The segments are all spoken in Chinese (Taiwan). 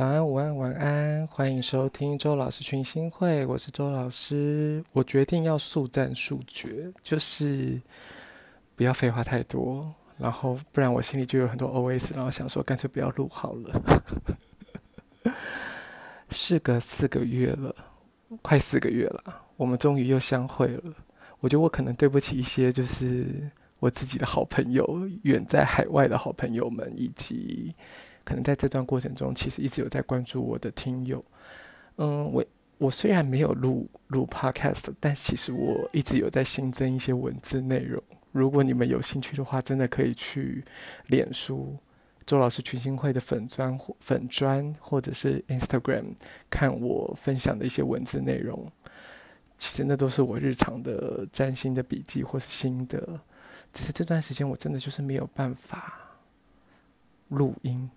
早安，午安，晚安，歡迎收聽周老師群星會。我是周老師，我決定要速戰速決，就是不要廢話太多，然後不然我心裡就有很多 OS，然後想說乾脆不要錄好了。 事隔四個月了，快四個月了，我們終於又相會了。我覺得我可能對不起一些，就是我自己的好朋友，遠在海外的好朋友們，以及。可能在這段過程中，其實一直有在關注我的聽友。嗯，我我雖然沒有錄錄 Podcast，但其實我一直有在新增一些文字內容。如果你們有興趣的話，真的可以去臉書周老師群星會的粉專粉專，或者是 Instagram 看我分享的一些文字內容。其實那都是我日常的占星的筆記或是心得。只是這段時間我真的就是沒有辦法錄音。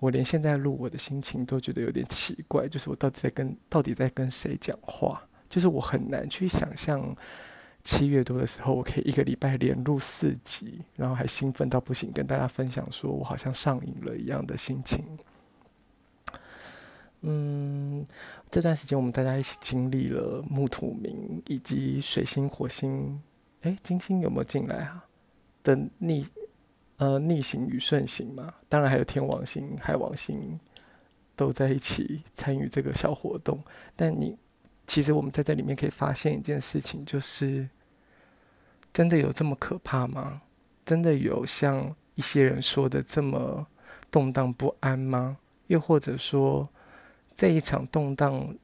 我連現在錄我的心情都覺得有點奇怪，就是我到底在跟到底在跟誰講話？就是我很難去想象，七月多的時候，我可以一個禮拜連錄四集，然後還興奮到不行，跟大家分享說我好像上癮了一樣的心情。嗯，這段時間我們大家一起經歷了木土冥以及水星火星。哎、欸，金星有沒有進來啊？等你。呃，逆行與順行嘛，當然還有天王星、海王星都在一起參與這個小活動。但你其實我們在這裡面可以發現一件事情，就是真的有這麼可怕嗎？真的有像一些人說的這麼動盪不安嗎？又或者說這一場動盪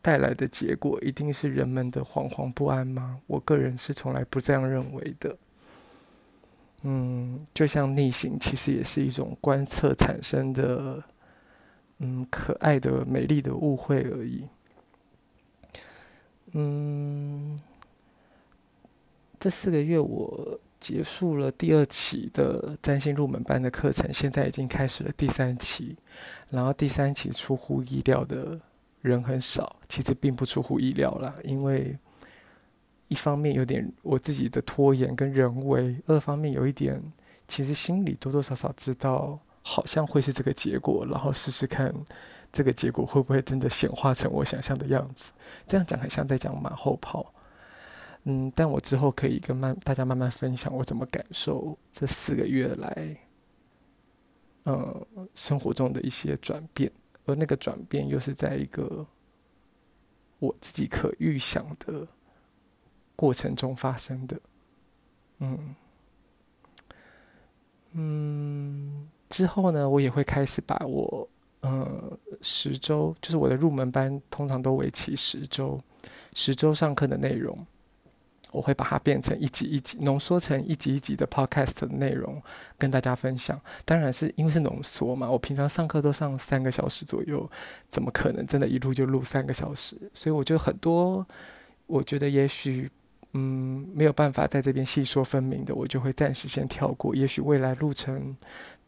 帶來的結果一定是人們的惶惶不安嗎？我個人是從來不這樣認為的。嗯。就像逆行，其實也是一種觀測產生的，嗯，可愛的、美麗的誤會而已。嗯，這四個月我結束了第二期的占星入門班的課程，現在已經開始了第三期。然後第三期出乎意料的人很少，其實並不出乎意料啦，因為一方面有點我自己的拖延跟人為，二方面有一點。其實心裡多多少少知道，好像會是這個結果，然後試試看，這個結果會不會真的顯化成我想象的樣子？這樣講很像在講馬後炮。嗯，但我之後可以跟慢大家慢慢分享，我怎麼感受這四個月來，呃、嗯，生活中的一些轉變，而那個轉變又是在一個我自己可預想的過程中發生的。嗯。嗯，之後呢，我也會開始把我，呃、嗯，十周，就是我的入門班，通常都為期十周，十周上課的內容，我會把它變成一集一集，濃縮成一集一集的 podcast 的內容跟大家分享。當然是因為是濃縮嘛，我平常上課都上三個小時左右，怎麼可能真的一錄就錄三個小時？所以我覺得很多，我覺得也許。嗯，沒有辦法在這邊細說分明的，我就會暫時先跳過。也許未來錄成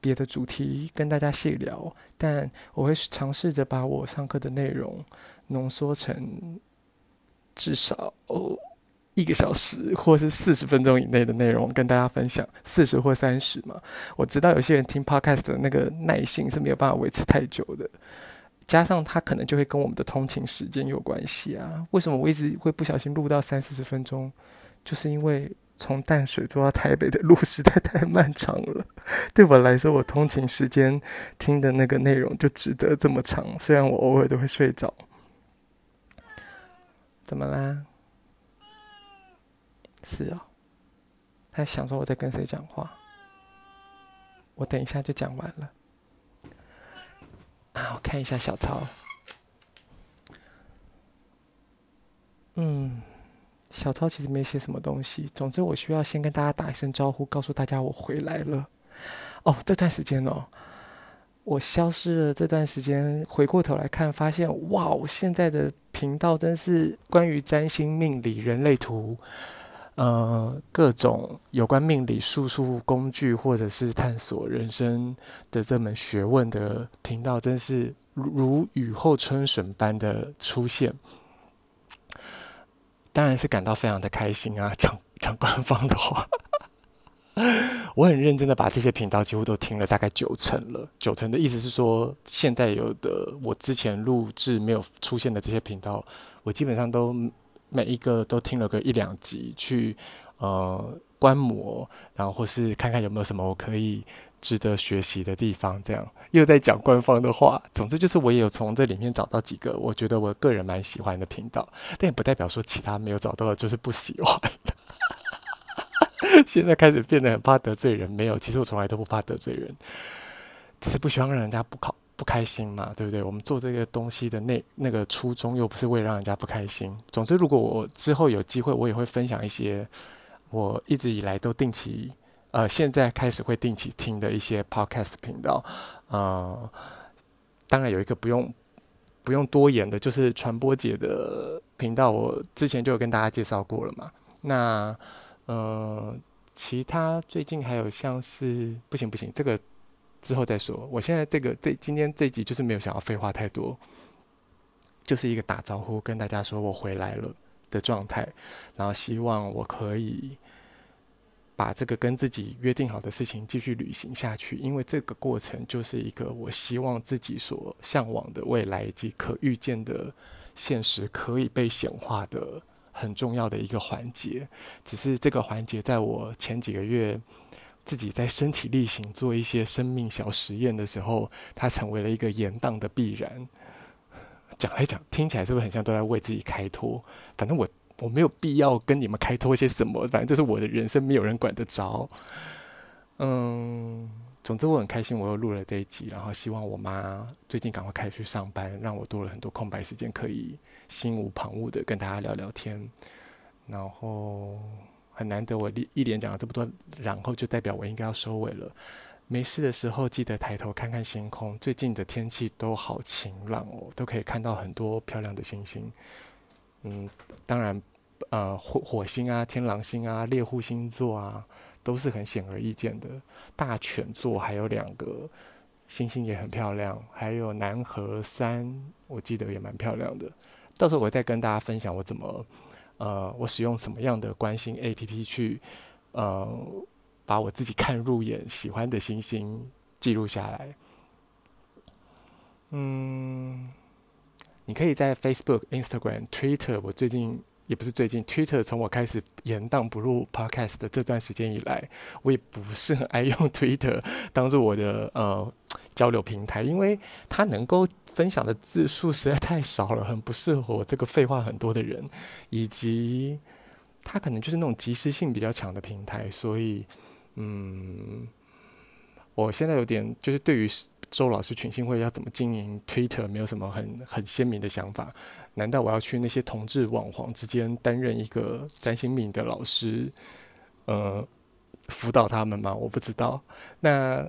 別的主題跟大家細聊，但我會嘗試着把我上課的內容濃縮成至少一個小時或是四十分鐘以內的內容跟大家分享，四十或三十嘛。我知道有些人聽 podcast 的那個耐心是沒有辦法維持太久的。加上他可能就會跟我們的通勤時間有關係啊。為什麼我一直會不小心錄到三四十分鐘？就是因為從淡水坐到台北的路實在太漫長了。對我來說，我通勤時間聽的那個內容就值得這麼長，雖然我偶爾都會睡着。怎麼啦？是哦，他想說我在跟誰講話。我等一下就講完了。看一下小抄，嗯，小抄其實沒寫什麼東西。總之，我需要先跟大家打一聲招呼，告訴大家我回來了。哦，這段時間哦，我消失了。這段時間，回過頭來看，發現哇，我現在的頻道真是關於占星命理、人類圖。呃，各種有關命理、術數工具，或者是探索人生的這門學問的頻道，真是如雨後春筍般的出現。當然是感到非常的開心啊！講講官方的話， 我很認真的把這些頻道幾乎都聽了，大概九成了。九成的意思是說，現在有的我之前錄製沒有出現的這些頻道，我基本上都每一個都聽了個一兩集，去呃觀摩，然後或是看看有沒有什麼我可以值得學習的地方。這樣又在講官方的話，總之就是我也有從這裡面找到幾個我覺得我個人蠻喜歡的頻道，但也不代表說其他沒有找到的就是不喜歡的。 現在開始變得很怕得罪人，沒有，其實我從來都不怕得罪人，只是不喜歡讓人家不考。不開心嘛，對不對？我們做這個東西的那那個初衷，又不是為了讓人家不開心。總之，如果我之後有機會，我也會分享一些我一直以來都定期呃，現在開始會定期聽的一些 podcast 頻道。呃，當然有一個不用不用多言的，就是傳播節的頻道，我之前就有跟大家介紹過了嘛。那呃，其他最近還有像是不行不行這個。之後再說，我現在這個這今天這集就是沒有想要廢話太多，就是一個打招呼，跟大家說我回來了的狀態，然後希望我可以把這個跟自己約定好的事情繼續履行下去，因為這個過程就是一個我希望自己所向往的未來以及可預見的現實可以被顯化的很重要的一個環節，只是這個環節在我前幾個月。自己在身體力行做一些生命小實驗的時候，它成為了一個延宕的必然。講來講，聽起來是不是很像都在為自己開脫？反正我我沒有必要跟你們開脫些什麼，反正這是我的人生，沒有人管得着。嗯，總之我很開心，我又錄了這一集，然後希望我媽最近趕快開始去上班，讓我多了很多空白時間，可以心無旁騖的跟大家聊聊天。然後。很難得，我一連講了這麼多，然後就代表我應該要收尾了。沒事的時候記得抬頭看看星空，最近的天氣都好晴朗哦，都可以看到很多漂亮的星星。嗯，當然，呃，火火星啊、天狼星啊、獵戶星座啊，都是很顯而易見的。大犬座還有兩個星星也很漂亮，還有南河三，我記得也蠻漂亮的。到時候我再跟大家分享我怎麼。呃，我使用什麼樣的觀星 APP 去，呃，把我自己看入眼喜歡的星星記錄下來。嗯，你可以在 Facebook、Instagram、Twitter。我最近也不是最近，Twitter 從我開始延宕不入 Podcast 的這段時間以來，我也不是很愛用 Twitter 當做我的呃交流平台，因為它能夠。分享的字數實在太少了，很不適合我這個廢話很多的人，以及他可能就是那種即時性比較強的平台，所以，嗯，我現在有點就是對於周老師群星會要怎麼經營 Twitter 沒有什麼很很鮮明的想法。難道我要去那些同志網黃之間擔任一個占星命的老師，呃，輔導他們嗎？我不知道。那。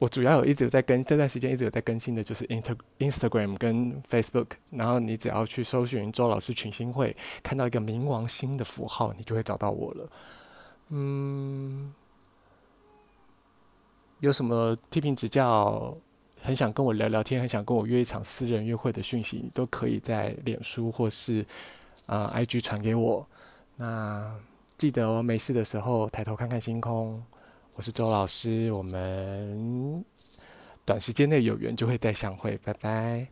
我主要有一直有在跟，這段時間一直有在更新的，就是 Inter Instagram 跟 Facebook，然後你只要去搜尋周老師群星會，看到一個冥王星的符號，你就會找到我了。嗯，有什麼批評指教，很想跟我聊聊天，很想跟我約一場私人約會的訊息，你都可以在臉書或是啊、呃、IG 傳給我。那記得哦，沒事的時候抬頭看看星空。我是周老師，我們短時間內有緣就會再相會，拜拜。